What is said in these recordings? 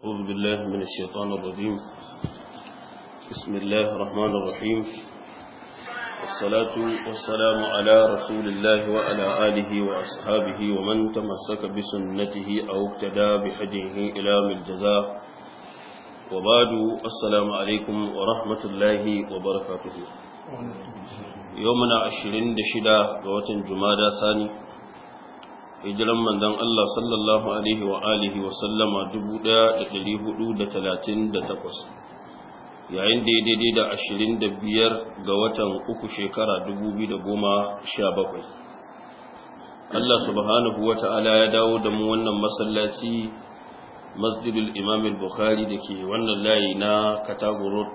أعوذ بالله من الشيطان الرجيم بسم الله الرحمن الرحيم والصلاة والسلام على رسول الله وعلى آله وأصحابه ومن تمسك بسنته أو اقتدى بحجه إلى الجزاء وبعد السلام عليكم ورحمة الله وبركاته يومنا عشرين دشدا قوة جمادى ثاني hijiran manzon Allah sallallahu alaihi wa alihi wa sallama 1438 yayin da ya daidai da 25 ga watan uku shekara 2017 Allah subhanahu wa ta'ala ya dawo da mu wannan masallaci masjidul imam bukhari da ke wannan layi na katagoro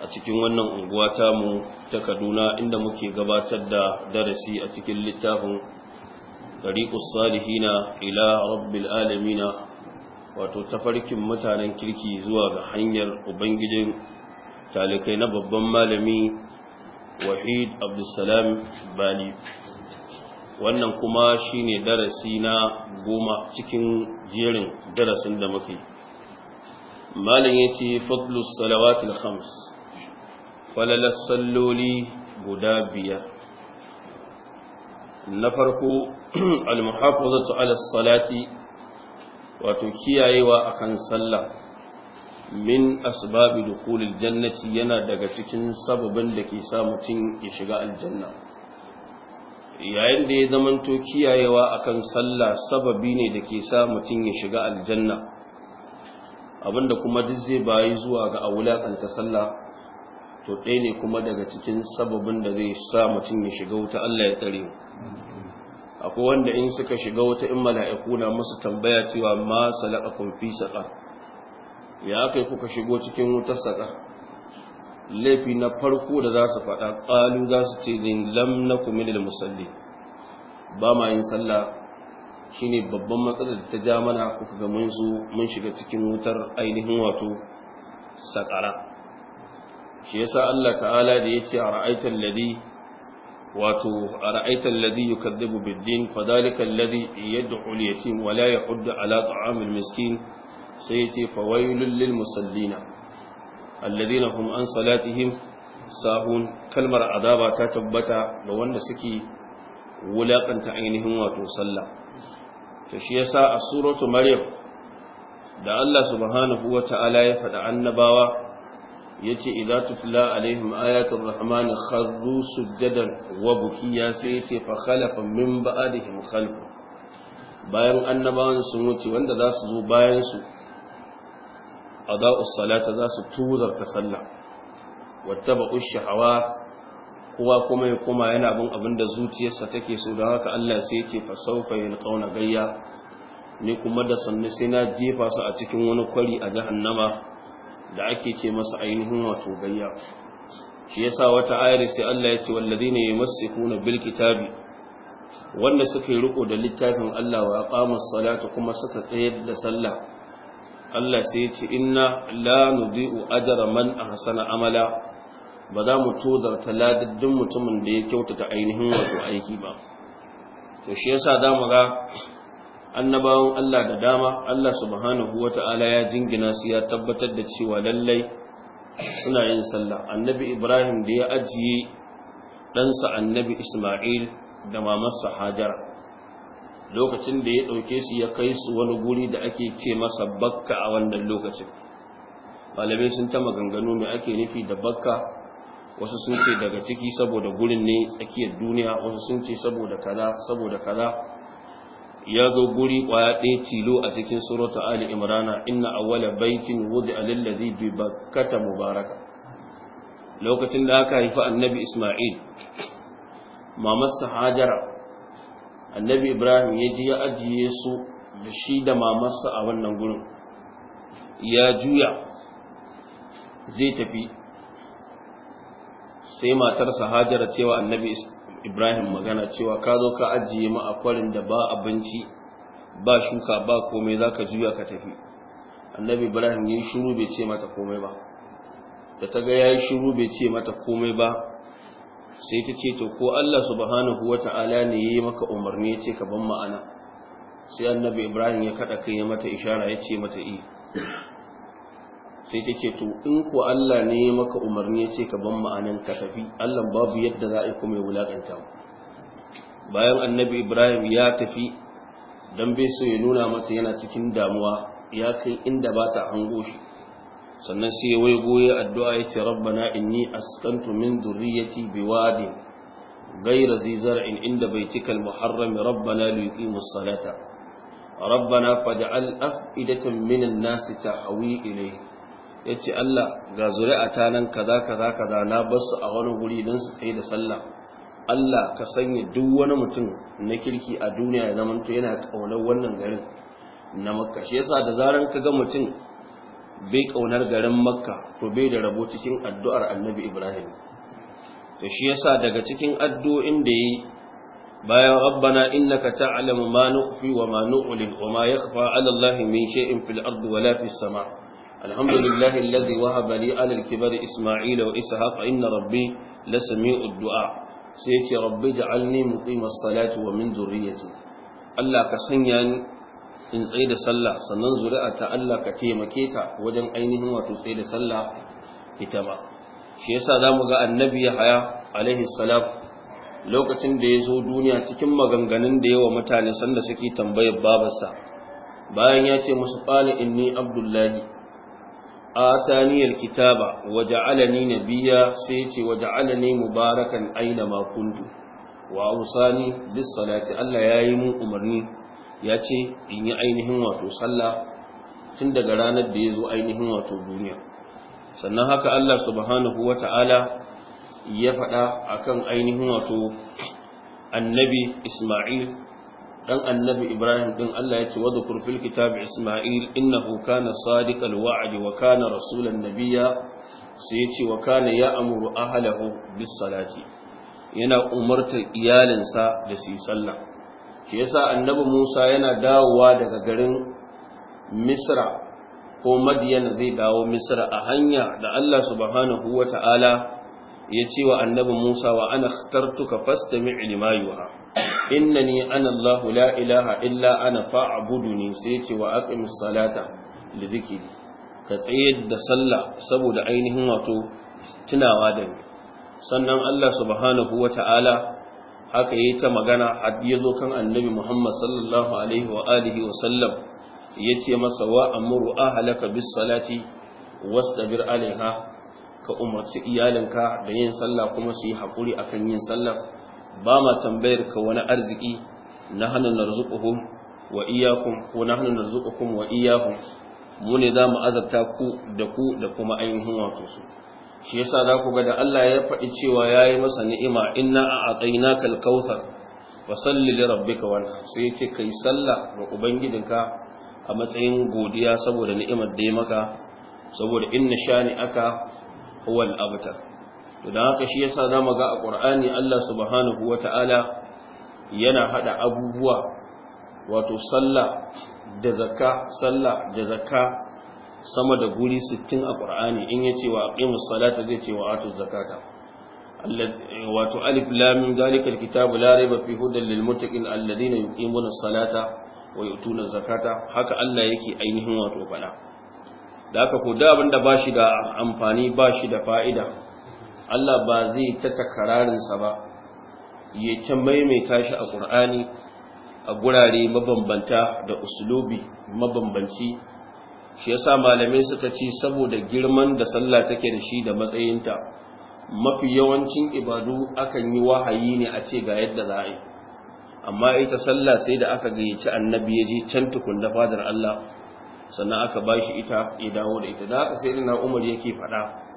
a cikin wannan unguwa mu ta kaduna inda muke gabatar da darasi a cikin littafin tariqus salihina ila rabbil alamin wato tafarkin mutanen kirki zuwa ga hanyar ubangijin talikai na babban malami wahid abdussalam bali wannan kuma shine darasi na goma cikin jerin darasin da muke malam yace fadlus salawatil khams falalas salloli guda biyar na farko almuhafazatu ala salati wato kiyayewa akan sallah min asbabi dukhulil jannati yana daga cikin sababan da ke sa mutum ya shiga aljanna yayin da ya zamanto kiyayewa akan sallah sababi ne da ke sa mutum ya shiga aljanna abinda kuma duk zai bayi zuwa ga a wulakanta sallah to ɗaya ne kuma daga cikin sababin da zai sa mutum ya shiga wuta Allah ya tsare akwai wanda in suka shiga wuta in mala'iku na musu tambaya cewa ma kun fi saka ya kai kuka shigo cikin wutar saka laifi na farko da za su faɗa ƙalu za su ce din lam nakum da musalli ba ma yin sallah shine babban matsalar da ta ja mana kuka ga mun zo mun shiga cikin wutar ainihin wato saƙara shi yasa Allah ta'ala da yace ara'aital ladhi wato ara'aital ladhi yukadhibu bid-din fadhalika alladhi yad'u al-yatim wa la yahuddu ala ta'amil miskin sai yace fawailul lil musallina alladhina hum an salatihim sahun kalmar azaba ta tabbata ga wanda suke wulakanta ainihin wato sallah to shi yasa a suratu maryam da Allah subhanahu ta'ala ya faɗa annabawa yace idza tutla alaihim ayatul rahman kharru sujadan wa bukiya sai yace fa khalafa min ba'dihim khalf bayan annabawan sun wuce wanda za su zo bayan su ada'us salata za su tuzar ta sallah wattaba'u shahawa kowa kuma ya koma yana bin abin da zuciyarsa take so don haka Allah sai ya ce fa saufa yalqauna gayya ni kuma da sannu sai na jefa su a cikin wani kwari a jahannama da ake ce masa ainihin wato gayya shi yasa wata ayar sai Allah ya ce wallazina yumsikuna bil kitabi wanda suka yi riko da littafin Allah wa aqamus salata kuma suka tsayar da sallah Allah sai ya ce inna la nudi'u ajra man ahsana amala ba za mu todarta ladadin mutumin da ya kyautata ainihin wato aiki ba to shi yasa zamu ga annabawan Allah da dama Allah subhanahu wata'ala ya jingina su ya tabbatar da cewa lallai suna yin sallah annabi Ibrahim da ya ajiye ɗansa annabi Ismail da mamarsa Hajara lokacin da ya ɗauke su ya kai su wani guri da ake ce masa bakka a wannan lokacin malamai sun ta maganganu me ake nufi da bakka wasu sun ce daga ciki saboda gurin ne tsakiyar duniya wasu sun ce saboda kaza saboda kaza ya zo guri kwaya ɗaya tilo a cikin surata ali imrana inna awwala baitin wudi alilladhi bi bakkata mubaraka lokacin da aka haifi annabi isma'il mamarsa sahajara annabi ibrahim ya ji ya ajiye su da shi da mamarsa a wannan gurin ya juya zai tafi sai matarsa hajara cewa annabi ibrahim magana cewa ka zo ka ajiye mu a kwarin da ba abinci ba shuka ba komai za ka juya ka tafi annabi ibrahim ya shiru shuru bai ce mata komai ba da ta ga ya yi shuru bai ce mata komai ba sai ta ce to ko allah subhanahu wa ta'ala ne ya yi maka umarni ya ce ka ban ma'ana sai annabi ibrahim ya kaɗa kai ya mata ishara ya ce mata i eh, sai ta to in ku Allah ne maka umarni ya ce ka ban ma'anin, ka tafi Allah babu yadda za a yi kuma ya wulaƙanta bayan annabi Ibrahim ya tafi dan bai so ya nuna mata yana cikin damuwa ya kai inda ba ta hango shi sannan sai wai goye addu'a ya ce rabbana inni askantu min zurriyyati biwadin غير ذي زرع inda بيتك المحرم ربنا ليقيموا الصلاة ربنا فاجعل أفئدة من الناس تهوي إليه ya ce Allah ga zuri'a ta nan kaza kaza kaza na su a wani guri don su tsaye da sallah Allah ka sanya duk wani mutum na kirki a duniya ya zama yana kaunar wannan garin na makka shi yasa da zaran ka ga mutum bai kaunar garin makka to bai da rabo cikin addu'ar annabi ibrahim to shi yasa daga cikin addu'o'in da yi bayan rabbana innaka ta'lamu ma nukhfi wa ma nu'lin wa ma yakhfa 'ala allahi min shay'in fil ardi wa la fis sama' الحمد لله الذي وهب لي على الكبر إسماعيل وإسحاق إن ربي لسميع الدعاء سيتي ربي اجعلني مقيم الصلاة ومن ذريتي الله كسنياني in tsaye da sallah sannan zuri'a ta Allah ka taimake ta wajen ainihin wato tsaye da sallah ita ma shi yasa zamu ga annabi Yahaya alaihi salam lokacin da ya zo duniya cikin maganganun da yawa mutane sanda suke tambayar babarsa bayan ya ce musu qala inni abdullahi atani alkitaba waja'alani nabiyya sai yace waja'alani mubarakan aina ma kuntu wa awsani bis salati Allah yayi mun umarni yace in yi ainihin wato sallah tun daga ranar da yazo ainihin wato duniya sannan haka Allah subhanahu wata'ala ya faɗa akan ainihin wato annabi Isma'il dan annabi ibrahim din Allah ya ce wa dhukur fil kitab isma'il innahu kana sadiqal wa'di wa kana rasulan nabiyya sai ya ce wa kana ya'muru ahlahu bis salati yana umartar iyalinsa da su sallah shi yasa annabi Musa yana dawowa daga garin Misra ko Madyan zai dawo Misra a hanya da Allah subhanahu wata'ala ya ce wa annabi Musa wa ana ikhtartuka fastami' lima yuha innani ana la ilaha illa ana fa'buduni sai ce wa aqim salata li dhikri ka tsaye da sallah saboda ainihin wato tunawa da ni sannan Allah subhanahu wata'ala haka yayi ta magana har zo kan annabi Muhammad sallallahu alaihi wa alihi wa sallam yace masa wa amuru ahlaka bis salati wastabir alaiha ka umarci iyalinka da yin sallah kuma su yi hakuri akan yin sallah ba ma tambayar ka wani arziki na hannun narzukuhun wa iyakun ko na hannun narzukuhun wa iyakun, mu ne za mu azabta ku da ku da kuma ainihin wato su shi yasa za ku ga da Allah ya faɗi cewa ya yi masa ni'ima inna a atsaina kalkausar wa salli li rabbika wani. sai ce ka yi sallah ga ubangidinka a matsayin godiya saboda ni'imar da ya maka saboda inna shani aka huwal abtar to da haka shi yasa zamu ga a ƙur'ani Allah subhanahu wataala yana haɗa abubuwa wato sallah da zakka sallah da zakka sama da guri 60 a Ƙur'ani, in yace wa aqimus salata zai ce wa atu zakata wato alif lam min zalikal kitabu la rayba fi hudan lil muttaqin alladhina yuqimuna salata wa yutuna zakata haka Allah yake ainihin wato fada da haka ko da abinda bashi da amfani bashi da fa'ida Allah ba zai ta takararinsa ba ya ta maimaita shi a ƙur'ani a gurare mabambanta da usulubi mabambanci shi yasa malamai suka ce saboda girman da sallah take da shi da matsayinta mafi yawancin ibadu akan yi wahayi ne a ce ga yadda za a amma ita sallah sai da aka gayyaci annabi ya je can tukun da fadar Allah sannan aka ba shi ita ya dawo da ita da haka sai na umar yake faɗa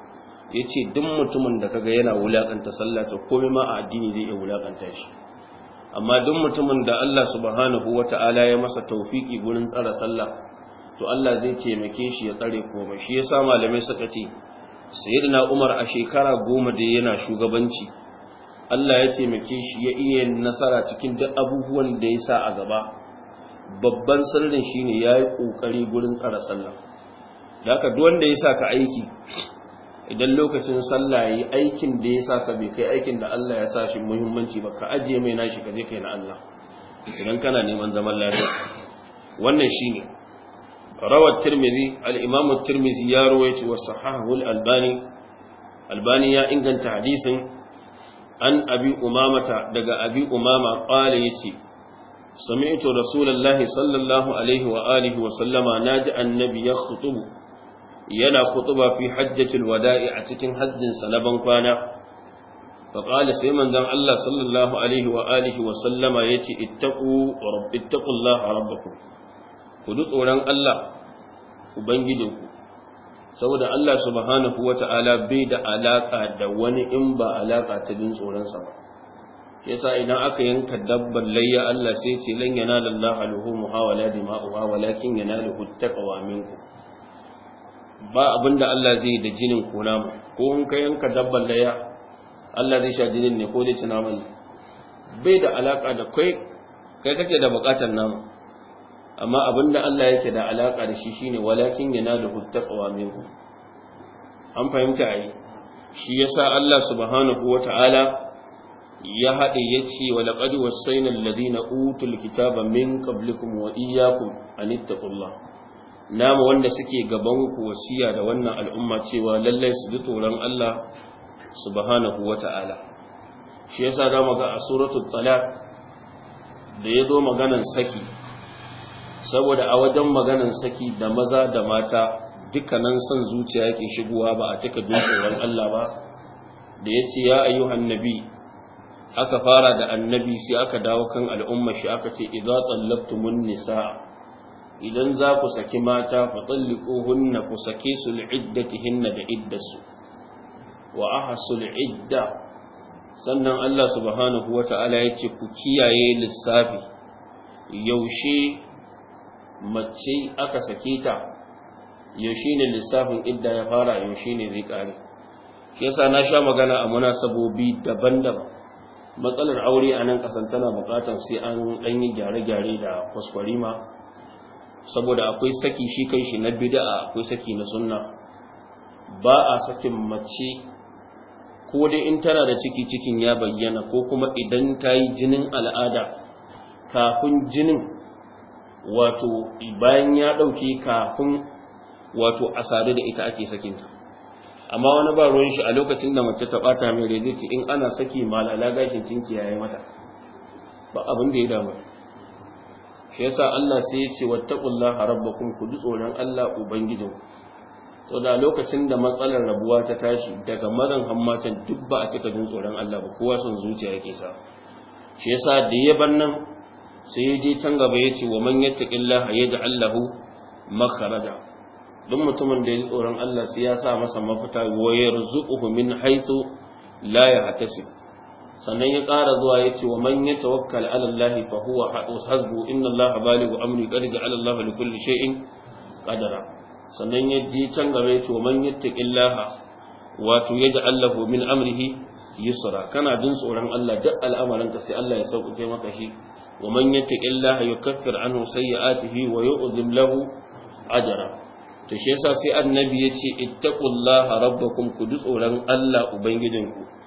ya ce duk mutumin da kaga yana wulaƙanta sallata, to komai ma a addini zai iya wulaƙanta shi amma duk mutumin da Allah subhanahu ta'ala ya masa taufiki gurin tsara sallah to Allah zai taimake shi ya tsare komai shi yasa malamai suka ce sayyidina Umar a shekara goma da yana shugabanci Allah ya taimake shi ya iya nasara cikin duk abubuwan da ya sa a gaba babban sirrin shine yayi kokari gurin tsara sallah da haka duk wanda ya sa ka aiki idan lokacin sallah yi aikin da ya sa ka bai kai aikin da Allah ya sa shi muhimmanci ba ka ajiye mai nashi ka je kai na Allah idan kana neman zaman lafiya wannan shine rawa tirmizi al-imam tirmidhi ya rawaito wa sahahu al-albani albani ya inganta hadisin an abi umamata daga abi umama qala yace sami'tu rasulullahi sallallahu alaihi wa alihi wa sallama naji annabi yakhutubu yana kutuba fi hajjatul wada'i a cikin hajjin sa na bankwana fa qala sai manzon Allah sallallahu alaihi wa alihi wa sallama yace ittaqu rabbittaqullaha rabbakum ku du tsoron Allah ubangijinku saboda Allah subhanahu wata'ala bai da alaka da wani in ba alaka ta bin tsoron sa ba yasa idan aka yanka dabbar layya Allah sai ce lan yanala Allah aluhu muhawala dima'uha walakin yanaluhu taqwa minkum ba abinda Allah zai da jinin ko nama, ko in ka yanka dabban ya Allah zai sha jinin ne ko zai ci nama ne bai da alaka da kai kai kake da bukatar nama. amma abinda Allah yake da alaka da shi shine walakin yanaluhu taqwa minhu an fahimta ai shi yasa Allah subhanahu wataala ya haɗa ya ce wa laqad wasainan ladina utul kitaba min qablikum wa iyyakum an namu wanda suke gaban ku wasiya da wannan al'umma cewa lallai su ji tsoron Allah subhanahu wata'ala shi yasa da mu ga a suratul talaq da ya zo maganan saki saboda a wajen maganan saki da maza da mata dukkanin son zuciya yake shigowa ba a cika dukkan Allah ba da ya ce ya ayyuhan nabi aka fara da annabi sai aka dawo kan al'umma shi aka ce idza tallabtumun nisaa idan za ku saki mata hunna ku sake su hinna da iddasu wa ahsul idda sannan Allah subhanahu wata'ala ce ku kiyaye lissafi yaushe mace aka sake ta yaushe ne lissafin idda ya fara yaushe ne zai kare shi yasa na sha magana a munasabobi daban-daban matsalar aure a nan kasan tana bukatar sai an ɗanyi gyare-gyare da kwaskwarima saboda akwai saki shi kai shi na bid'a akwai saki na sunna ba a sakin mace ko dai in tana da ciki cikin ya bayyana ko kuma idan ta yi jinin al'ada kafin jinin wato bayan ya ɗauki kafin wato a sadu da ita ake sakinta amma wani ba ruwan shi a lokacin da mace ta ɓata mai reziti in ana saki malala gashin cinki yayi mata ba abin da ya damu shi yasa Allah sai ya ce wattaqullaha rabbakum ku ji tsoron Allah ubangijin to da lokacin da matsalar rabuwa ta tashi daga mazan hammatan duk ba a cika jin tsoron Allah ba kowa son zuciya yake sa shi yasa da ya ban nan sai dai can gaba ya ce wa man yattaqillaha yaj'al lahu makhraja duk mutumin da ya ji tsoron Allah sai ya sa masa mafita wa yarzuquhu min haythu la yahtasib sannan ya ƙara zuwa ya ce wa man ya tawakkal ala Allah fa huwa hasbu inna Allah balighu amri qad ja'ala Allah li kulli shay'in qadara sannan ya ji can gaba ya ce wa man yattaqillaha wato yaj'al lahu min amrihi yusra kana jin tsoron Allah duk al'amarin ka sai Allah ya sauƙaƙe maka shi wa man yattaqillaha yukaffir anhu sayyi'atihi wa yu'dhim lahu ajra to shi yasa sai annabi ya ce ittaqullaha rabbakum ku ji tsoron Allah ubangijinku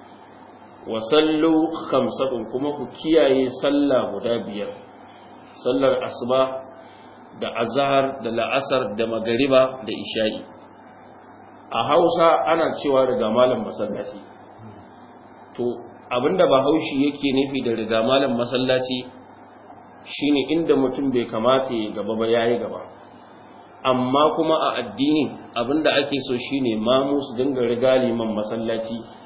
wa sallu khamsatun kuma ku kiyaye sallah guda biyar sallar asuba da azhar da la'asar da magariba da isha'i a Hausa ana cewa riga malam masallaci to abinda ba haushi yake nufi da riga malam masallaci shine inda mutum bai kamata ya gaba ba yayi gaba amma kuma a addini abinda ake so shine mamu su dinga riga liman masallaci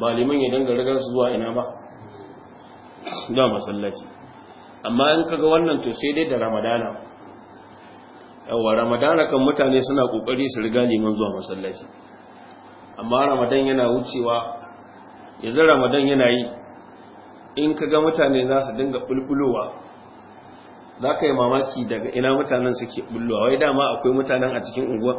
ba liman ya danga ragar su zuwa ina ba da masallaci amma in kaga wannan to sai dai da ramadana yawa ramadana kan mutane suna kokari su riga liman zuwa masallaci amma ramadan yana wucewa yanzu ramadan yana yi in kaga mutane za su dinga bulbulowa za ka yi mamaki daga ina mutanen suke bulluwa, wai dama akwai mutanen a cikin unguwa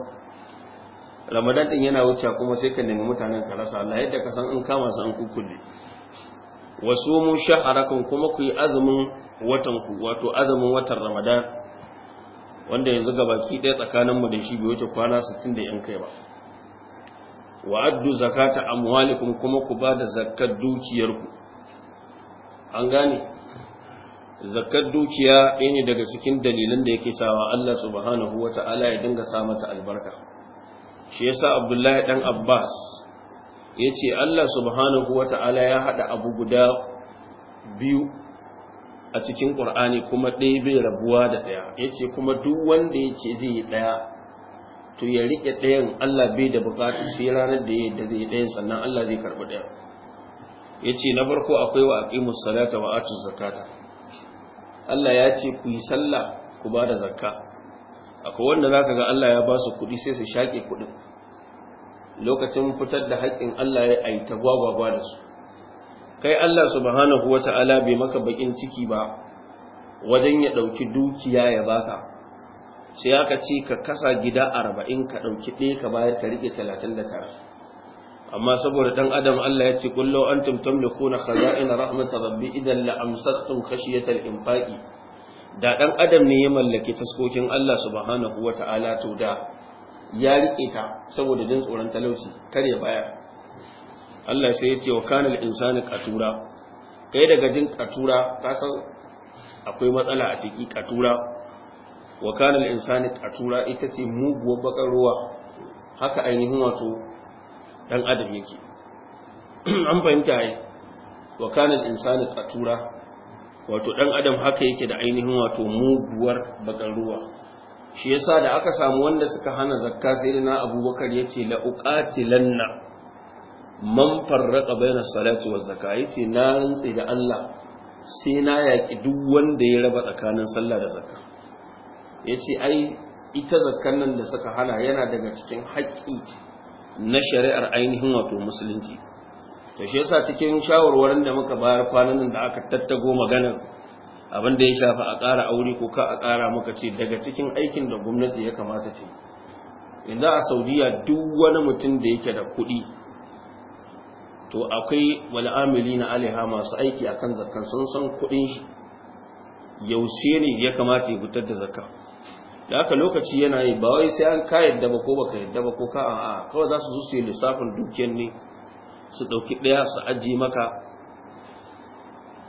ramadan din yana wuce kuma sai ka nemi mutanen ka rasa Allah yadda ka san in kama su an kukulle wasu mu sha'arakan kuma ku yi azumin watan ku wato azumin watan ramadan wanda yanzu ga baki ɗaya tsakanin mu da shi bai wuce kwana 60 da yan kai ba wa addu zakata amwalikum kuma ku ba da zakkar dukiyarku an gane zakkar dukiya ɗaya ne daga cikin dalilan da yake sawa Allah subhanahu wata'ala ya dinga sa mata albarka shi yasa abdullahi dan abbas ya ce allah subhanahu wa ta'ala ya haɗa abu guda biyu a cikin ƙur'ani kuma ɗaya bai rabuwa da ɗaya ya ce kuma duk wanda ya ce zai yi ɗaya to ya riƙe ɗayan allah bai da buƙatar sai ranar da ya da zai ɗayan sannan allah zai karɓi ɗaya ya ce na farko akwai wa aƙi salata wa atu zakata allah ya ce ku yi sallah ku ba da zakka akwai wanda za ka ga Allah ya ba su kuɗi sai su shaƙe kuɗin lokacin fitar da haƙƙin Allah ya yi ta gwagwagwa da su kai Allah subhanahu ta'ala bai maka bakin ciki ba wajen ya ɗauki dukiya ya baka sai aka ce ka kasa gida arba'in ka ɗauki ɗaya ka bayar ka riƙe talatin da tara amma saboda ɗan adam Allah ya ce kullo an tumtum da kuna khaza'in rahmatar rabbi idan la amsaktum khashiyatal infaqi da ɗan adam ne ya mallaki taskokin Allah subhanahu ta'ala to da ya riƙe ta saboda jin tsoron talauci kar ya bayar Allah sai ya ce wa kana al-insanu qatura kai daga jin qatura ka san akwai matsala a ciki qatura wa kana al-insanu qatura ita ce muguwar bakar ruwa haka ainihin wato dan adam yake an fahimta ai wa kana al-insanu qatura wato dan adam haka yake da ainihin wato muguwar bakar ruwa shi yasa da aka samu wanda suka hana zakka sai da na abubakar yace ce la'uƙatilanna man farraƙa bayan salatu wa zakka ya ce na rantse da Allah sai na yaƙi duk wanda ya raba tsakanin sallah da zakka ya ce ai ita zakkan nan da suka hana yana daga cikin haƙƙi na shari'ar ainihin wato musulunci to shi yasa cikin shawarwarin da muka bayar kwanan nan da aka tattago maganar abin da ya shafa a ƙara aure ko ka a ƙara maka ce daga cikin aikin da gwamnati ya kamata ce. a saudiya duk wani mutum da yake da kuɗi to akwai wal'amili na alaiha masu aiki akan kan sun san kuɗin shi yaushe ne ya kamata ya fitar da zakka da haka lokaci yana yi ba wai sai an ka yadda ba ko ba ka yadda ba ko ka a'a kawai za su zo su yi lissafin dukiyar ne su ɗauki ɗaya su ajiye maka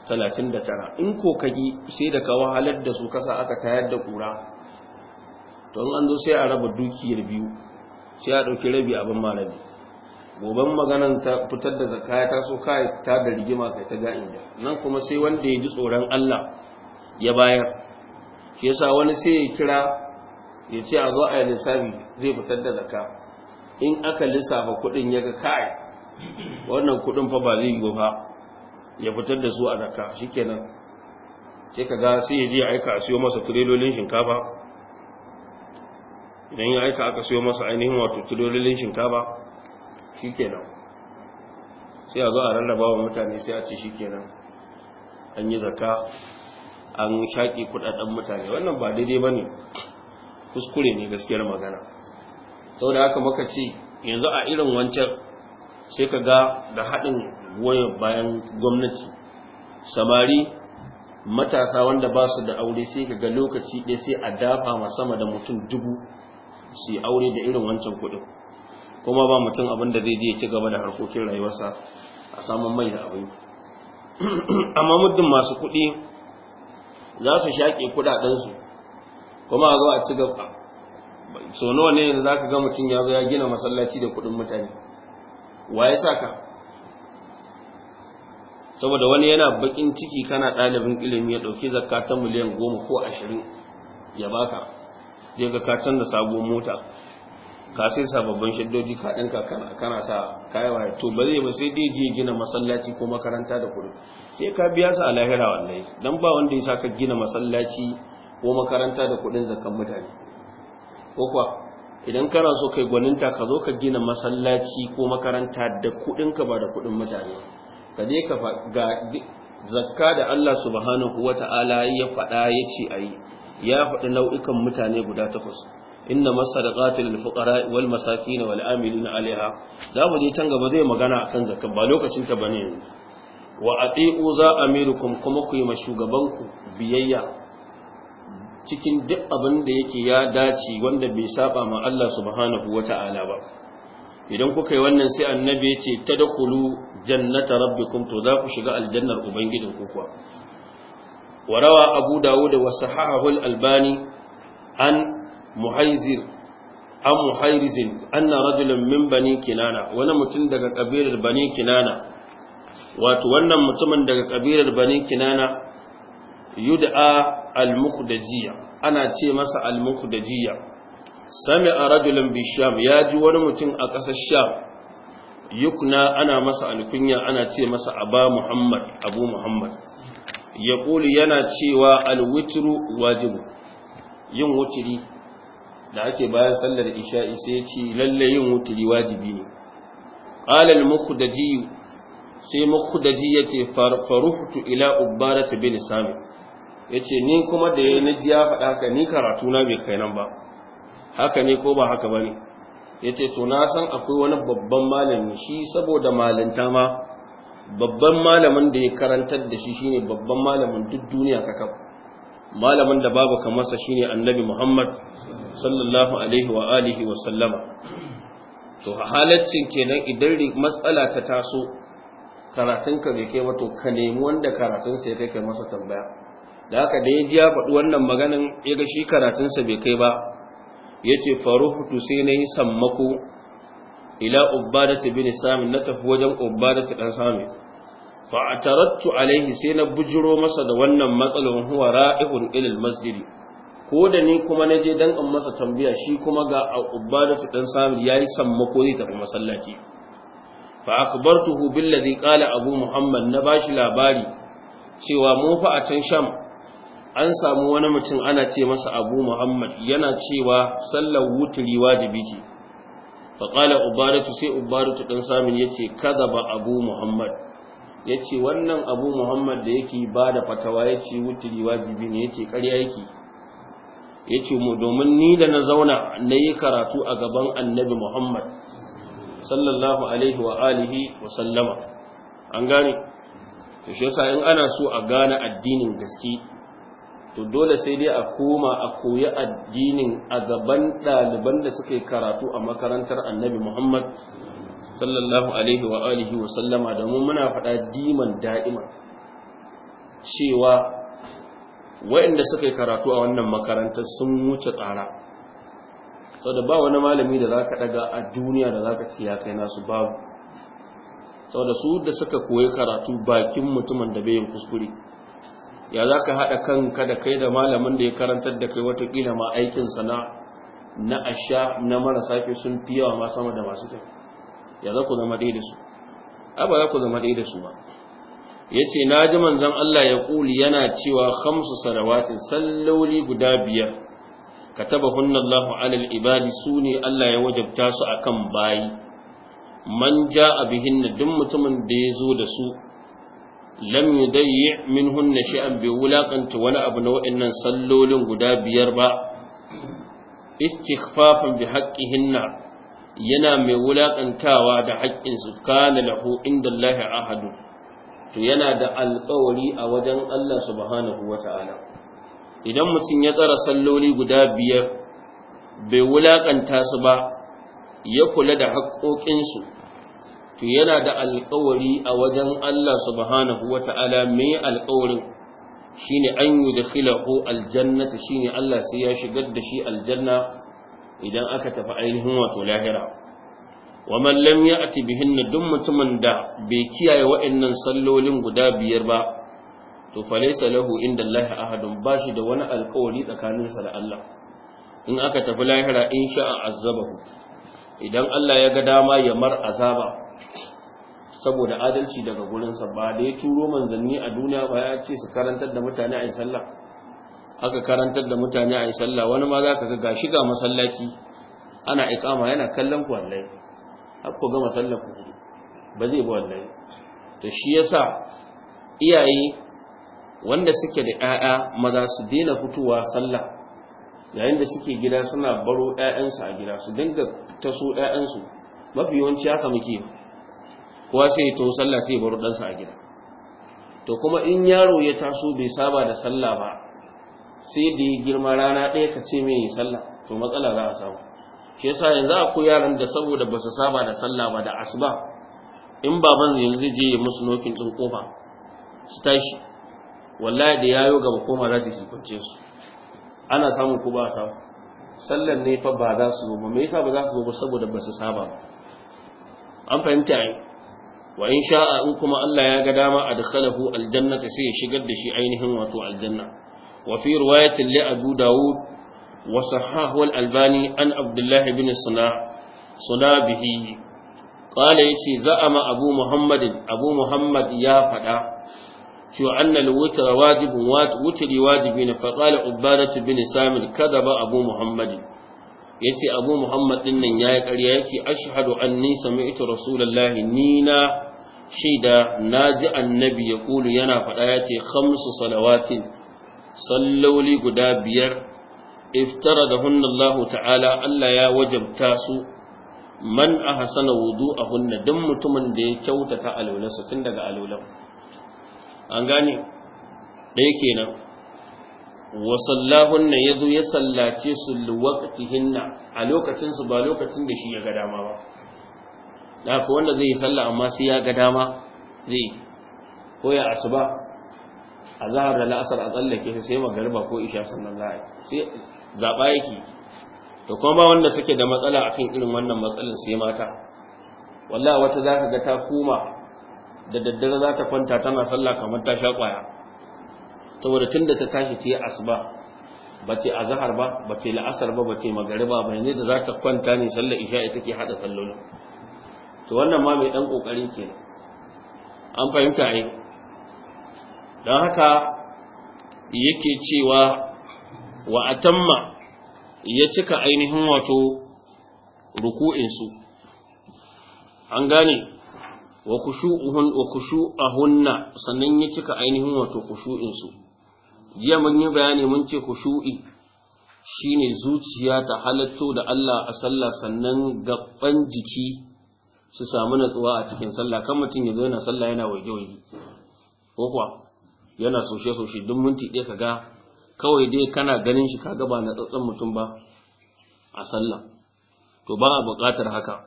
talatin da tara in ko kagi sai da ka halar da su kasa aka tayar da kura to an zo sai a raba dukiyar biyu sai a ɗauki rabi abin malami goban maganan ta fitar da zakaya ta so kai ta da rigima kai ta ga'in da nan kuma sai wanda ya ji tsoron Allah ya bayar shi yasa wani sai ya kira ya ce a zo a yi lissafi zai fitar da zaka in aka lissafa kuɗin ya ga kai wannan kuɗin fa ba zai yi ba ya fitar da su a shi shikenan sai ga sai ya ji ya aika a siyo masa tirelolin shinkafa idan ya aika aka siyo masa ainihin wato tirelolin shinkafa shikenan sai a zo a rarraba wa mutane sai a ce shikenan an yi zaka an shaƙi kudaden mutane wannan ba daidai ba ne kuskure ne gaskiyar magana sau da haka maka ce yanzu a irin wancan sai ka ga da haɗin goyon bayan gwamnati samari matasa wanda ba su da aure sai ka ga lokaci ɗaya sai a dafa ma sama da mutum dubu su yi aure da irin wancan kuɗin kuma ba mutum abin da zai je ci gaba da harkokin rayuwarsa a samun mai da abin amma muddin masu kuɗi za su shaƙe kuɗaɗensu kuma a zo a ci gaba so nawa ne za ka ga mutum ya zo ya gina masallaci da kuɗin mutane wa ya sa ka saboda wani yana bakin ciki kana ɗalibin ilimi ya ɗauki zakka ta miliyan goma ko ashirin ya baka zai ga kacan da sabon mota ka sai sababbin shaddodi ka ɗinka kana sa kayawa to ba zai ba sai dai je gina masallaci ko makaranta da kuɗi sai ka biya su a lahira wallahi dan ba wanda ya sa ka gina masallaci ko makaranta da kudin zakkan mutane ko kuwa idan kana so kai gwaninta ka zo ka gina masallaci ko makaranta da kuɗinka ba da kuɗin mutane ka je ka ga zakka da Allah subhanahu ta'ala ya faɗa ya ce a yi ya faɗi nau'ikan mutane guda takwas inna masadaqati lil fuqara wal na wal na alaiha za mu je can gaba zai magana kan zakka ba lokacin ta bane yanzu wa ati'u za amirukum kuma ku yi mashugaban ku biyayya cikin duk abin da yake ya dace wanda bai saba ma Allah subhanahu ta'ala ba idan kuka yi wannan sai annabi ya ce ta da kulu jannata rabbikum to za ku shiga aljannar ubangijin kuwa warawa abu dawud wa wasu al-albani an muhaizir an muhairizin anna rajulun min bani kinana wani mutum daga kabilar bani kinana wato wannan mutumin daga kabilar bani kinana yud'a al-muqdajiya ana ce masa al-muqdajiya sami a rajulun bisham ya ji wani mutum a ƙasar sham Yukuna ana masa alkunya ana ce masa aba muhammad abu muhammad ya ƙuli yana cewa alwitru wajibu yin wuturi da ake bayan sallar isha'i sai ce lalle yin wuturi wajibi ne Alal muku da ji sai muku da ji yake farufutu ila ubbara ta bin sami ya ce ni kuma da ya na ji ya faɗa ka ni karatu na bai kai nan ba haka ne ko ba haka bane yace to na san akwai wani babban malami shi saboda malinta ma babban malamin da ya karantar da shi shine babban malamin duk duniya kakaf malamin da babu kamarsa shine annabi Muhammad sallallahu alaihi wa alihi wa sallama to halaccin kenan idan matsala ta taso karatun ka bai kai to ka nemi wanda sa ya kai kai masa tambaya da haka da ya ji ya faɗi wannan maganin ya ga shi sa bai kai ba yace faruhtu sai nayi sammako ila ubbadatu bin samin na tafi wajen ubbadatu dan samin fa atarattu alaihi sai na bujiro masa da wannan matsalar huwa ra'ihun ilal masjidi ko da ni kuma naje dan in masa tambaya shi kuma ga ubbadatu dan samin yayi sammako zai tafi masallaci fa akhbartuhu billadhi qala abu muhammad na bashi labari cewa mu fa a can sham an samu wani mutum ana ce masa abu muhammad yana cewa sallar wuturi wajibi ce faƙala ubaratu sai ubaratu ɗan samun ya ce kada ba abu muhammad ya ce wannan abu muhammad da yake ba da fatawa ya ce wuturi wajibi ne ya ce ƙarya yake ya ce mu domin ni da na zauna na yi karatu a gaban annabi muhammad sallallahu alaihi wa alihi wa sallama an gane to shi in ana so a gane addinin gaske to dole sai dai a koma a koyi addinin a gaban ɗaliban da suke karatu a makarantar annabi Muhammad sallallahu alaihi wa alihi wa sallama domin muna faɗa diman da'ima cewa waɗanda suka karatu a wannan makarantar sun wuce tsara sau da ba wani malami da za ka ɗaga a duniya da za ka ci ya kai nasu babu sau da su da suka koyi karatu bakin mutumin da bai yin kuskure ya za ka haɗa kanka da kai da malamin da ya karantar da kai watakila ma aikin sana na asha na marasa ke sun fi yawa ma sama da masu kai ya za ku zama ɗaya da su a za ku zama ɗaya da su ba ya ce na ji manzan Allah ya ƙuli yana cewa hamsu sarawatin salloli guda biyar ka taba hunna Allah alal ibadi su ne Allah ya wajabta su akan bayi man ja abihin duk mutumin da ya zo da su lam yudayyi minhunna shay'an bi wulaqanta wani abu na wa'annan sallolin guda biyar ba istighfafan bi haqqihinna yana mai wulaƙantawa da haƙƙin su kana lahu inda Allah ahadu to yana da alƙawari a wajen Allah subhanahu wata'ala idan mutum ya tsara salloli guda biyar bai wulaƙanta su ba ya kula da haƙƙoƙinsu to yana da alkawari a wajen Allah subhanahu wata'ala me alkawarin shine an yi dakhilahu aljannata shine Allah sai ya shigar da shi aljanna idan aka tafi ainihin wato lahira wa ya a ya'ti bihinna duk mutumin da bai kiyaye wa'annan sallolin guda biyar ba to falaysa lahu inda Allah ahadun bashi da wani alkawari tsakaninsa da Allah in aka tafi lahira in sha'a azabahu idan Allah ya ga dama ya mar azaba saboda adalci daga gurinsa ba da ya turo manzanni a duniya ba ya ce su karantar da mutane a yi sallah aka karantar da mutane a yi sallah wani ma za ka ga gashi ga masallaci ana ikama yana kallon ku wallahi ku ga masallar ku ba zai ba wallahi to shi yasa iyaye wanda suke da 'ya'ya maza su daina fitowa sallah yayin da suke gida suna baro 'ya'yansu a gida su dinga taso 'ya'yansu mafi yawanci haka muke kowa sai to sallah sai ya baro ɗansa a gida to kuma in yaro ya taso bai saba da sallah ba sai da ya girma rana ɗaya ka ce mai sallah to matsala za a samu shi yasa yanzu akwai yaran da saboda ba su saba da sallah ba da asuba in baban yanzu je ya musu nokin ɗin kofa su tashi wallahi da yayo gaba koma za su kwance su ana samun ko ba a samu sallan ne fa ba za su zo ba me yasa ba za su zo ba saboda ba su saba ba an fahimta yi wa in sha'a in kuma Allah ya ga dama adkhalahu aljannata sai ya shigar da shi ainihin wato aljanna wa fi riwayatin li Abu Dawud wa sahahu al-Albani an Abdullah ibn Suna Suna bihi qala yace za'ama Abu Muhammad Abu Muhammad ya fada cewa anna al-witr wajibun wat wutri wajibin fa qala Ubadah bin Samir kadaba Abu Muhammad yace abu muhammad din nan yayi ƙarya yace ashhadu anni sami'tu rasulullahi ni na Na naji annabi ya kulu yana faɗa yace khamsu salawatin salloli guda biyar da Allah ta'ala Allah ya wajabta su man ahsana hunna duk mutumin da ya kyautata alwalarsa tun daga alwalar an gane ɗaya kenan wa ya zo ya sallace su liwaqtihinna a lokacinsu ba lokacin da shi ya ga dama ba da wanda zai yi sallah amma sai ya ga dama zai ko ya asuba a zahar da la'asar a tsallake shi sai magariba ko isha sannan la'ai sai zaba yake to kuma wanda suke da matsala akan irin wannan matsalin sai mata wallahi wata zaka ga ta koma da daddare za ta kwanta tana sallah kamar ta sha kwaya saboda tun da ta tashi ta yi asuba ba ta azahar ba ba ta la'asar ba ba ta magariba ba ne da za ta kwanta ne sallar ita ke haɗa sallolin to wannan ma mai ɗan kokarin ke. an fahimta ai don haka yake cewa wa atamma ya cika ainihin wato ruku'insu an gane wa kushu'ahunna sannan ya cika ainihin wato kushu'insu jiya mun yi bayani mun ce kushu'i shine zuciya ta halatto da Allah a sallah sannan gaban jiki su samu natsuwa a cikin sallah kan mutum ya zo yana sallah yana waje-waje ko kuwa yana soshe-soshe duk minti ɗaya kaga kawai dai kana ganin shi kaga ba natsatsen mutum ba a sallah to ba a buƙatar haka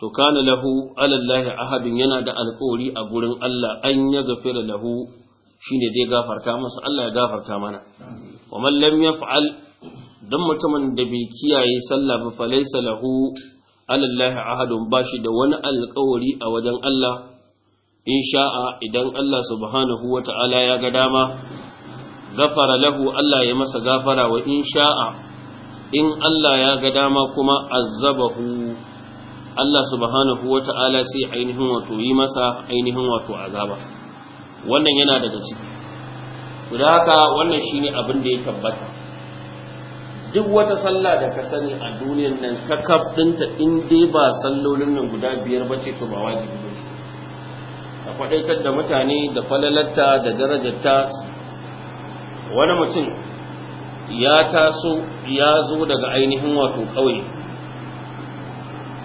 to kana lahu alallahi ahadin yana da alƙawari a gurin Allah an ya gafira lahu shine zai gafarta masa Allah ya gafarta mana wa man lam yaf'al dan mutumin da bai kiyaye sallah ba falaysa lahu alallahi ahadun bashi da wani alƙawari a wajen Allah in sha'a idan Allah subhanahu wata'ala ya ga dama gafara lahu Allah ya masa gafara wa in sha'a in Allah ya ga dama kuma azabahu Allah subhanahu wata'ala sai ainihin wato yi masa ainihin wato azaba wannan yana daga ciki to haka wannan shine abin da ya tabbata duk wata sallah da ka sani a duniyar nan ka kaf in dai ba sallolin nan guda biyar ba ce to ba wajibi ba a faɗaitar da mutane da falalarta da darajarta wani mutum ya taso ya zo daga ainihin wato kauye.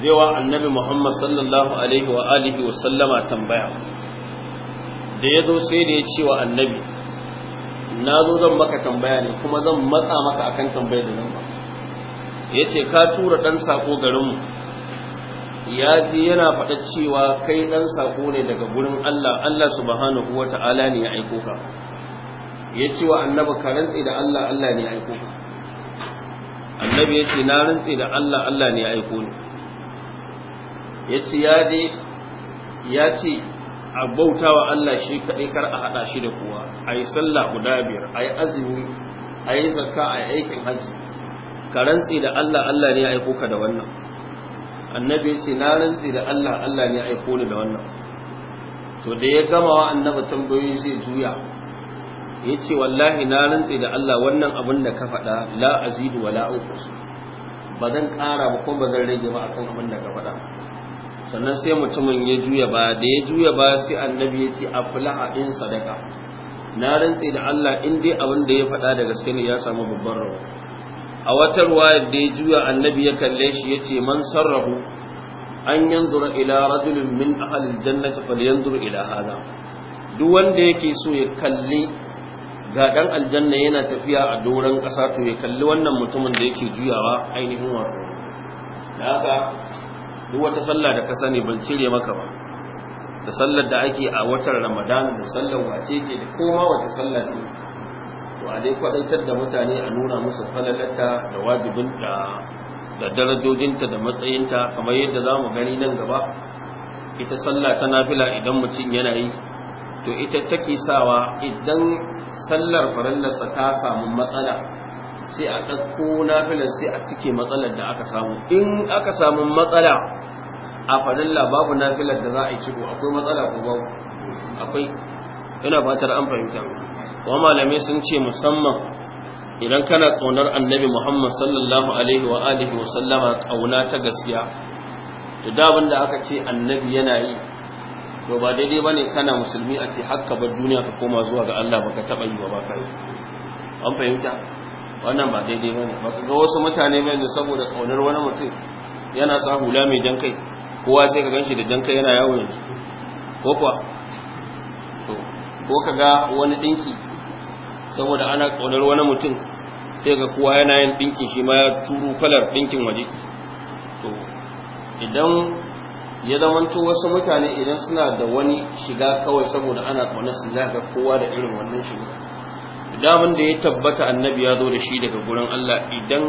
zai wa annabi muhammad sallallahu alaihi wa alihi wa sallama tambaya da ya zo sai da ya ce wa annabi na zo zan maka tambaya ne kuma zan matsa maka akan tambayar da nan ba ya ce ka tura ɗan sako garinmu ya ji yana faɗa cewa kai ɗan sako ne daga gurin Allah Allah subhanahu wa ta'ala ne ya aiko ka ya ce wa annabi ka rantse da Allah Allah ne ya aiko ka annabi ya ce na rantse da Allah Allah ne ya aiko ni ya ce ya ce a bautawa Allah shi kaɗai kar a haɗa shi da kowa a yi sallah guda biyar a yi azumi a yi zarka a yi aikin hajji ka rantsi da Allah Allah ne ya aiko ka da wannan annabi ce na rantsi da Allah Allah ne ya aiko ni da wannan to da ya gama wa annabi tambayoyi zai juya ya ce wallahi na rantsi da Allah wannan abin da ka faɗa la azidu wala ba zan ƙara ba ko ba zan rage ba akan abin da ka faɗa sannan sai mutumin ya juya ba da ya juya ba sai annabi ya ce a in sadaka na rantse da Allah in dai abin da ya faɗa da gaske ne ya samu babban rawa a wata ruwayar da ya juya annabi ya kalle shi ya ce man sarrafu. an yanzura ila rajulin min ahlil jannati falyanzur ila hada duk wanda yake so ya kalli ga dan aljanna yana tafiya a doron ƙasa to ya kalli wannan mutumin da yake juyawa ainihin wato haka duk wata sallah da ka sani ban cire maka ba da sallar da ake a watan ramadan da sallar wace ce da koma wata sallah ce to a dai kwadaitar da mutane a nuna musu falalata da wajibin da da darajojinta da matsayinta kamar yadda za mu gani nan gaba ita sallah ta nafila idan mutum yana yi to ita take sawa idan sallar farallarsa ta samu matsala sai a ɗauko nafilan sai a cike matsalar da aka samu in aka samu matsala a fadalla babu nafilar da za a yi ciko akwai matsala ko babu akwai yana fatar an fahimta Wa malamai sun ce musamman idan kana ƙaunar annabi muhammad sallallahu alaihi wa alihi wa sallama ƙauna ta gaskiya to da abin aka ce annabi yana yi to ba daidai ba ne kana musulmi a ce hakka bar duniya ka koma zuwa ga allah baka taɓa yi ba ba ka yi an fahimta wannan ba daidai ba ne. ba ga wasu mutane ba saboda kaunar wani mutum yana sa hula mai jan kai kowa sai ka ganshi da jan kai yana yawo yanzu ko kuwa to ko ka ga wani dinki saboda ana kaunar wani mutum sai ga kowa yana yin dinkin shi ma ya turu kwalar dinkin waje to idan ya zamanto wasu mutane idan suna da wani shiga kawai saboda ana kaunar su za ga kowa da irin wannan shiga daman da ya tabbata annabi ya zo da shi daga gurin Allah idan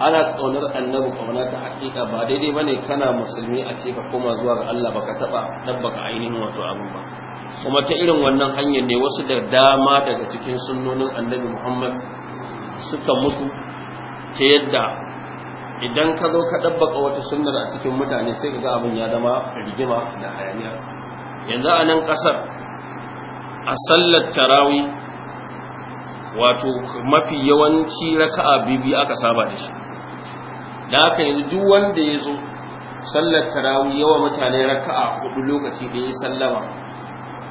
ana ƙaunar annabi ƙauna ta haƙiƙa ba daidai bane kana musulmi a ce ka koma zuwa ga Allah baka taba dan ainihin wato abu ba kuma ta irin wannan hanyar ne wasu da dama daga cikin sunnonin annabi Muhammad suka mutu ta yadda idan ka zo ka ɗabbaka wata sunnar a cikin mutane sai ka ga abin ya zama rigima da hayaniya yanzu a nan ƙasar a sallar tarawih wato mafi yawanci raka'a bibi aka saba da shi da aka yi duk wanda ya zo sallar tarawih yawa mutane raka'a hudu lokaci da ya sallama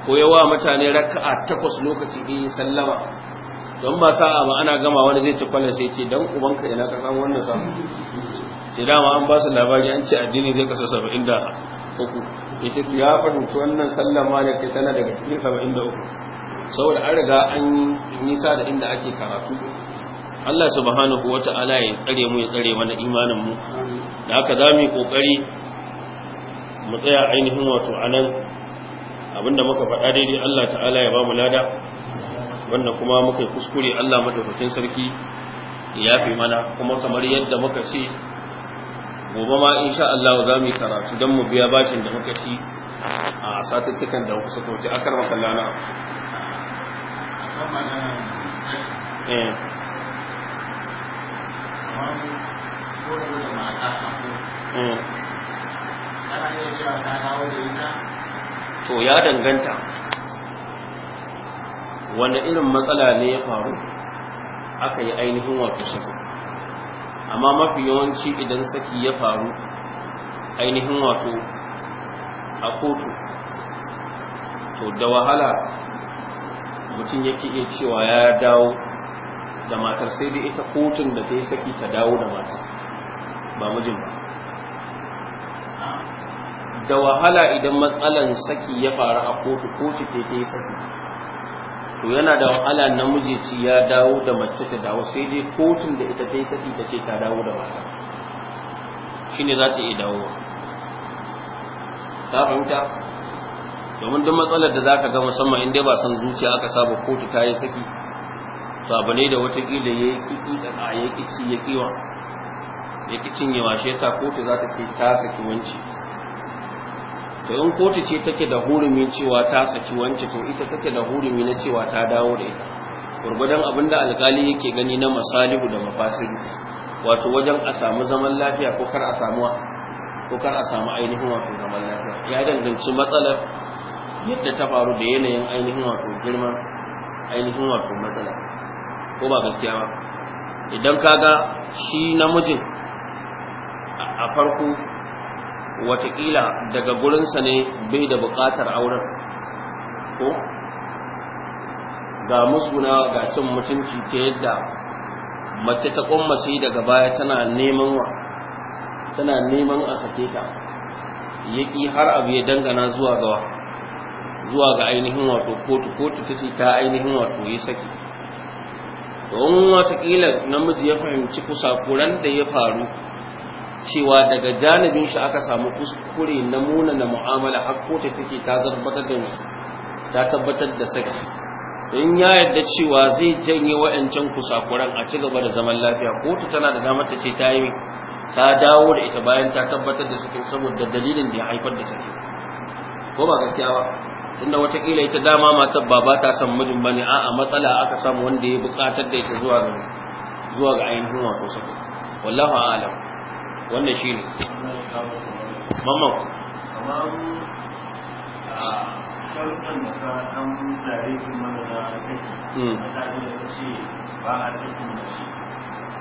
ko yawa mutane raka'a takwas lokaci da ya sallama don ba sa'a ba ana gama wani zai ci kwallon sai ce dan ubanka ina ka samu wannan samu ce dama an ba su labari an ce addini zai kasa saba'in da uku ya ce ya fahimci wannan sallama ne kai tana daga cikin saba'in da uku saboda an riga an nisa da inda ake karatu Allah subhanahu wata'ala ya tsare mu ya tsare mana imanin mu da haka za mu yi kokari mu tsaya ainihin wato anan abinda muka faɗa daidai Allah ta'ala ya bamu lada wanda kuma muka yi kuskure Allah madaukakin sarki ya fi mana kuma kamar yadda muka ce gobe ma insha Allah za mu yi karatu don mu biya bashin da muka ci a satuttukan da suka wuce akar makallana to ya danganta wanda irin matsala ne ya faru aka yi ainihin wato sako amma mafi yawanci idan saki ya faru ainihin wato a kotu to da wahala mutum yake iya cewa ya dawo da matar sai dai ita kotun da ta yi saki ta dawo da matar ba mijin ba da wahala idan matsalan saki ya faru a kotu kotu ke ta yi saki to yana da wahala namiji ci ya dawo da mace ta dawo sai dai kotun da ita ta yi saki ta ce ta dawo da mata ne za ta iya dawo ta fahimta domin duk matsalar da zaka ga musamman in dai ba san zuciya aka saba kotu ta yi saki to abu ne da kila ya yi kiki a ya kici ya kiwa ya kicin yawa shi ta kotu za ta ce ta saki wanci to in kotu ce take da hurumi cewa ta saki wanci to ita take da hurumi na cewa ta dawo da ita gurgudan abin da alkali yake gani na masalihu da mafasiru wato wajen a samu zaman lafiya ko kar a samu ko kar a samu ainihin wato zaman lafiya ya danganci matsalar yadda ta faru da yanayin ainihin wato girman ainihin wato matsala ko ba gaskiya ba idan ka ga shi namijin a farko watakila daga gurinsa ne bai da bukatar auren ko ga musuna ga cin mutunci ta yadda mace ta kwammace daga baya tana neman wa tana neman a sake ta yaki har abu ya dangana zuwa gawa zuwa ga ainihin wato kotu kotu ta ce ta ainihin wato yi saki don watakila namiji ya fahimci kusakuran da ya faru cewa daga janibin shi aka samu kuskure na muna na mu'amala har kotu ce ta tabbatar da ta tabbatar da saki don ya yarda cewa zai janye wa'ancan kusakuran a ci gaba da zaman lafiya kotu tana da damar ta ce ta yi ta dawo da ita bayan ta tabbatar da saki saboda dalilin da ya haifar da saki ko ba gaskiya ba tunda watakila ita dama matar ba ba ta son mijin bane a'a matsala aka samu wanda ya bukatar da ita zuwa ga zuwa ga ainihin wato sako wallahu a'lam wannan shine mamman kamar a sharuɗan da ka an tare su mana na saki ta hmm. iya ta ce ba a sakin mace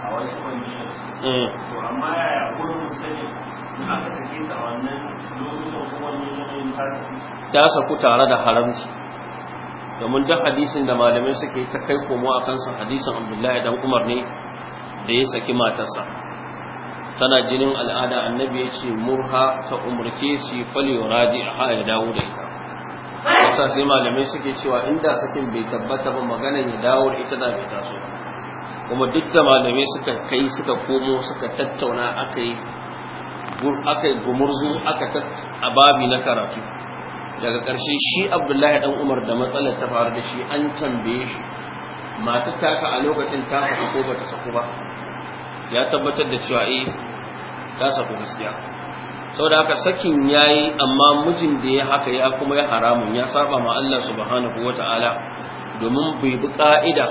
a wasu conditions hmm. to amma yaya gurbin sani ta saku tare da haramci domin duk hadisin da malamai suke ta kai komo a kansa hadisin abdullahi dan umar ne da ya saki matarsa tana jinin al'ada annabi ya ce murha ta umarce shi falewa raji a haɗa dawo da ita Wasa sai malamai suke cewa inda sakin bai tabbata ba magana ya dawo da ita da bai taso kuma duk da malamai suka kai suka komo suka tattauna aka yi aka yi gumurzu aka ta ababi na karatu daga ƙarshe shi abdullahi Ɗan umar da matsalar ta faru da shi an tambaye shi mata ka a lokacin ta saku ko bata saku ba ya tabbatar da cewa eh ta saku gaskiya saboda haka sakin yayi amma mijin da ya haka ya kuma ya haramun ya saba ma Allah subhanahu wataala domin bai bi ka'ida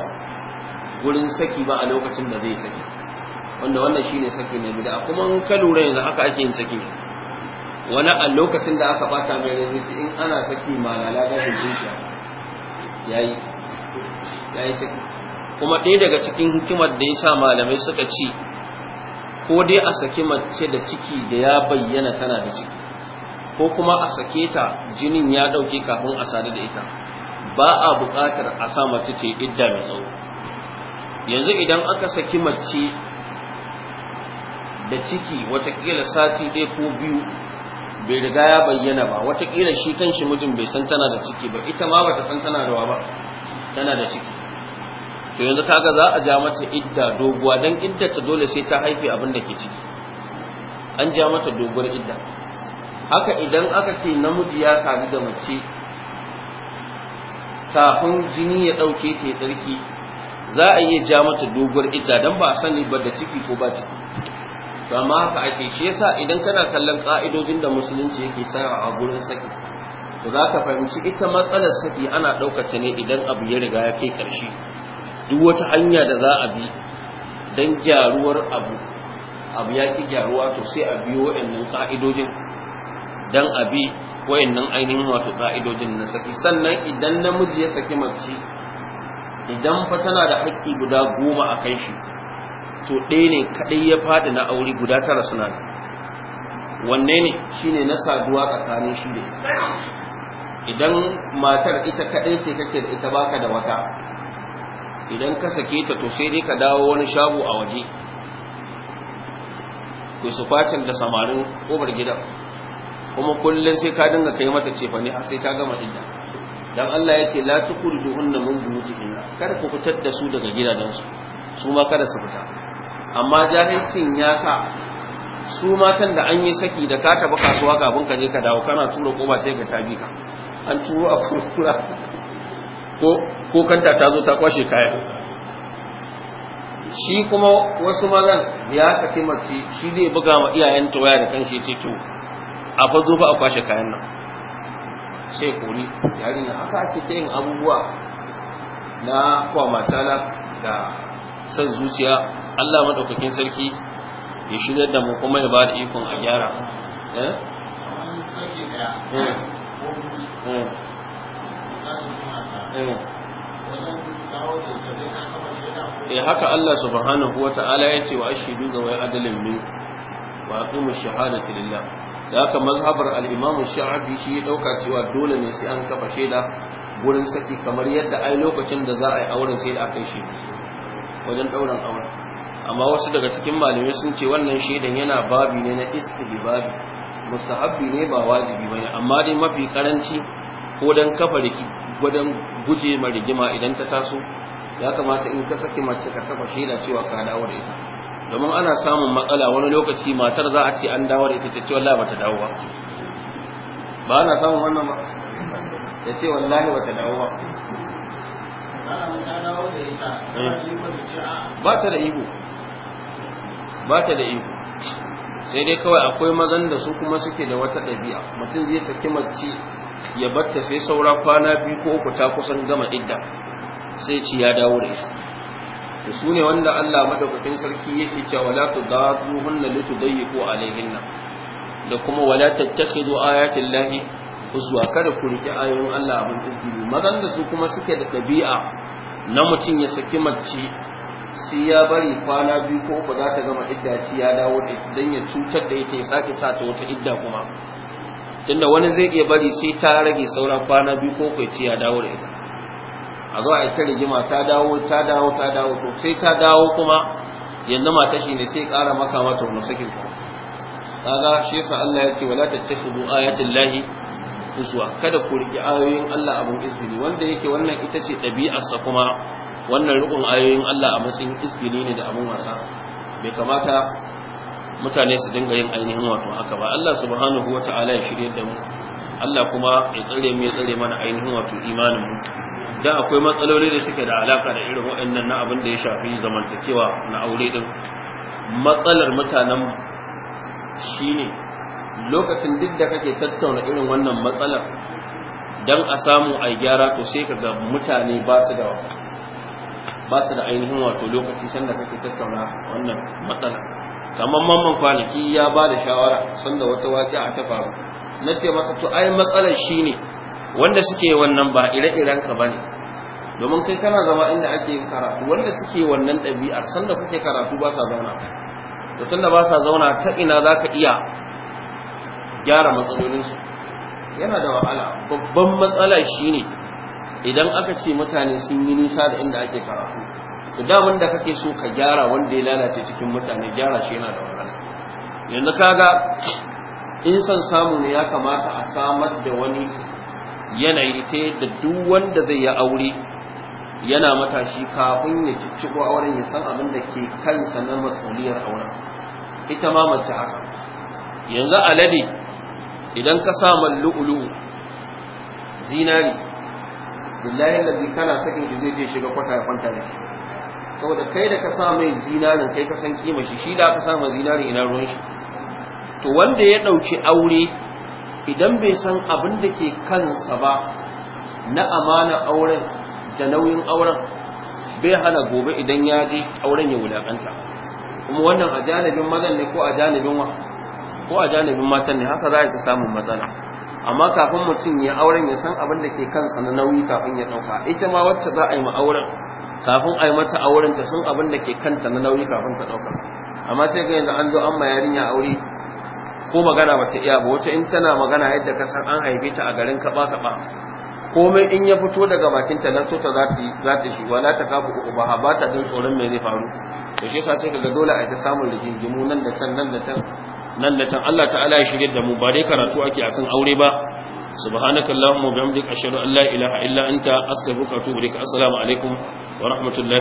gurin saki ba a lokacin da zai saki wanda wannan shine saki na bid'a kuma in ka lura yanzu haka ake yin saki wani a lokacin da aka bata mai rai zai in ana saki ma malala ga zuciya yayi yayi saki kuma ɗaya daga cikin hikimar da ya sa malamai suka ci ko dai a saki mace da ciki da ya bayyana tana da ciki ko kuma a sake ta jinin ya ɗauke kafin a sadu da ita ba a buƙatar a sa mace ta yi idda mai tsawo yanzu idan aka saki mace da ciki watakila sati ɗaya ko biyu bai riga ya bayyana ba watakila shi kan shi mijin bai san tana da ciki ba ita ma bata san tana da ba tana da ciki to yanzu kaga za a ja mata idda doguwa dan idda ta dole sai ta haife abin da ke ciki an ja mata doguwar idda haka idan aka ce namiji ya sadu da mace kafin jini ya ɗauke ta ya tsarki za a iya ja mata doguwar idda don ba a sani ba da ciki ko ba ciki to ma haka ake shi yasa idan kana kallon ka'idojin da musulunci yake sayarwa a gurin saki to za ka fahimci ita matsalar saki ana ɗaukace ne idan abu ya riga ya kai ƙarshe duk wata hanya da za a bi don gyaruwar abu abu ya ƙi gyaruwa to sai a biyo wa'annan ka'idojin don a bi wa'annan ainihin wato ka'idojin na saki sannan idan namiji ya saki mace idan fa tana da haƙƙi guda goma a kai shi to ɗaya ne kaɗai ya faɗi na aure guda tara suna wanne ne shi ne na saduwa tsakanin shi ne idan matar ita kaɗai ce kake da ita baka da wata idan ka sake ta to sai dai ka dawo wani shago a waje ku su facin da samarin kobar gidan kuma kullum sai ka dinga kai mata cefane har sai ta gama idda dan Allah ya ce la tukurjuhunna min buyutihinna Kada ku fitar da su daga gidajensu su ma kada su fita amma jahilcin ya sa su matan da an yi saki da ka taba kasuwa kafin ka je ka dawo kana tura koba sai ka tabi ka an turo a kurkura ko ko kanta ta zo ta kwashe kaya shi kuma wasu mazan ya saki mace shi zai buga ma iyayenta waya da kanshi ce to a fa zo fa a kwashe kayan nan sai kori yarinya haka ake ta yin abubuwa na kwamata na da san zuciya Allah maɗaukakin sarki ya shigar da mu kuma ya ba da ikon a gyara eh eh eh, eh haka Allah subhanahu ta'ala ya ce wa ashidu ga wai adalin min wa aqimu shahadati lillah da haka mazhabar al-Imam shi ya dauka cewa dole ne sai an kafa shaida gurin saki kamar yadda ai lokacin da za a yi auren sai da aka yi shi wajen dauran auren amma wasu daga cikin malamai sun ce wannan shaidan yana babi ne na istihbabi mustahabbi ne ba wajibi bane amma dai mafi karanci ko dan kafa riki gudan guje ma rigima idan ta taso ya kamata in ka saki mace ka kafa shaida cewa ka dawo da ita domin ana samun matsala wani lokaci matar za a ce an dawo da ita ta ce wallahi bata dawo ba ba ana samun wannan ba ta ce wallahi bata dawo ba eh. ba ta da ihu. ba ta da iko sai dai kawai akwai mazan da su kuma suke da wata ɗabi'a mutum zai saki mace ya batta sai saura kwana biyu ko uku ta kusan gama idda sai ci ya dawo da to su ne wanda Allah madaukakin sarki yake cewa wala li tudayyiqu alayhinna da kuma wala tattakhidu ayati llahi uzwa kada ku riki ayoyin Allah abin izini mazan da su kuma suke da ɗabi'a na mutum ya saki mace sai ya bari kwana biyu ko uku za ta gama idda ci ya dawo da ita don ya cutar da ita ya sake sa ta wata idda kuma tunda wani zai iya bari sai ta rage sauran kwana biyu ko uku ci ya dawo da ita a zo a ita rigima ta dawo ta dawo ta dawo to sai ta dawo kuma yanzu mata shi ne sai ƙara maka mata wani sakin ku kaga shi yasa Allah ya ce wala tattakhudu ayatul lahi kada ku riƙi ayoyin Allah abun izini wanda yake wannan ita ce ɗabi'arsa kuma wannan rukun ayoyin Allah a matsayin iskini ne da abin wasa bai kamata mutane su dinga yin ainihin wato haka ba Allah subhanahu wata'ala ya shirye da mu Allah kuma ya tsare mu ya tsare mana ainihin wato imanin mu Da akwai matsaloli da suke da alaka da irin waɗannan na abin da ya shafi zamantakewa na aure din matsalar mutanen shine lokacin duk da kake tattauna irin wannan matsalar dan a samu a gyara to sai kaga mutane ba su da ba su da ainihin wato lokaci sanda kake tattauna wannan matsala kamar mamman kwanaki ya ba da shawara sanda wata a ta faru na ce masa to ai matsalar shi ne wanda suke wannan ba ire-iren ka ba ne domin kai kana zama inda ake yin karatu wanda suke wannan ɗabi'ar sanda kuke karatu ba sa zauna da tunda ba sa zauna ta ina za ka iya gyara matsalolinsu yana da wahala babban matsala shi ne idan aka ce mutane sun yi nisa da inda ake karatu to damun da kake so ka gyara wanda ya lalace cikin mutane gyara shi yana da wahala yanzu kaga in san samu ne ya kamata a samar da wani yanayi ta yadda duk wanda zai yi aure yana matashi kafin ya cicciko auren ya san abin da ke kansa na masuliyar auren ita ma mace haka yanzu alade idan ka sa man lu'ulu zinari billahi ladzi kana sakin shi zai je shiga kwata ya kwanta da shi saboda kai da ka sa mai zinarin kai ka san kima shi shi da ka sa mai zinarin ina ruwan shi to wanda ya dauki aure idan bai san abin da ke kansa ba na amana auren da nauyin auren bai hana gobe idan ya je auren ya wulakanta kuma wannan a janibin mazan ne ko a janibin wa ko a janibin matan ne haka za a ta samun matsala amma kafin mutum ya auren ya san abin da ke kansa na nauyi kafin ya ɗauka ita ma wacce za a yi ma'auren kafin a yi mata auren ta san abin da ke kanta na nauyi kafin ta ɗauka amma sai ga yanzu an zo an ma yarinya aure ko magana ba iya ba wata in tana magana yadda ka san an haife ta a garin kaba kaba komai in ya fito daga bakinta nan so ta za ta za ta shi wala ta kafu uku ba ba ta jin tsoron me zai faru to shi yasa sai ga dole a ta samun rigingimu nan da can nan da can nan da can Allah ta'ala ya shirye da mu ba dai karatu ake akan aure ba subhanakallahumma wa bihamdika ashhadu an la ilaha illa anta astaghfiruka wa atubu ilaik assalamu alaikum wa rahmatullahi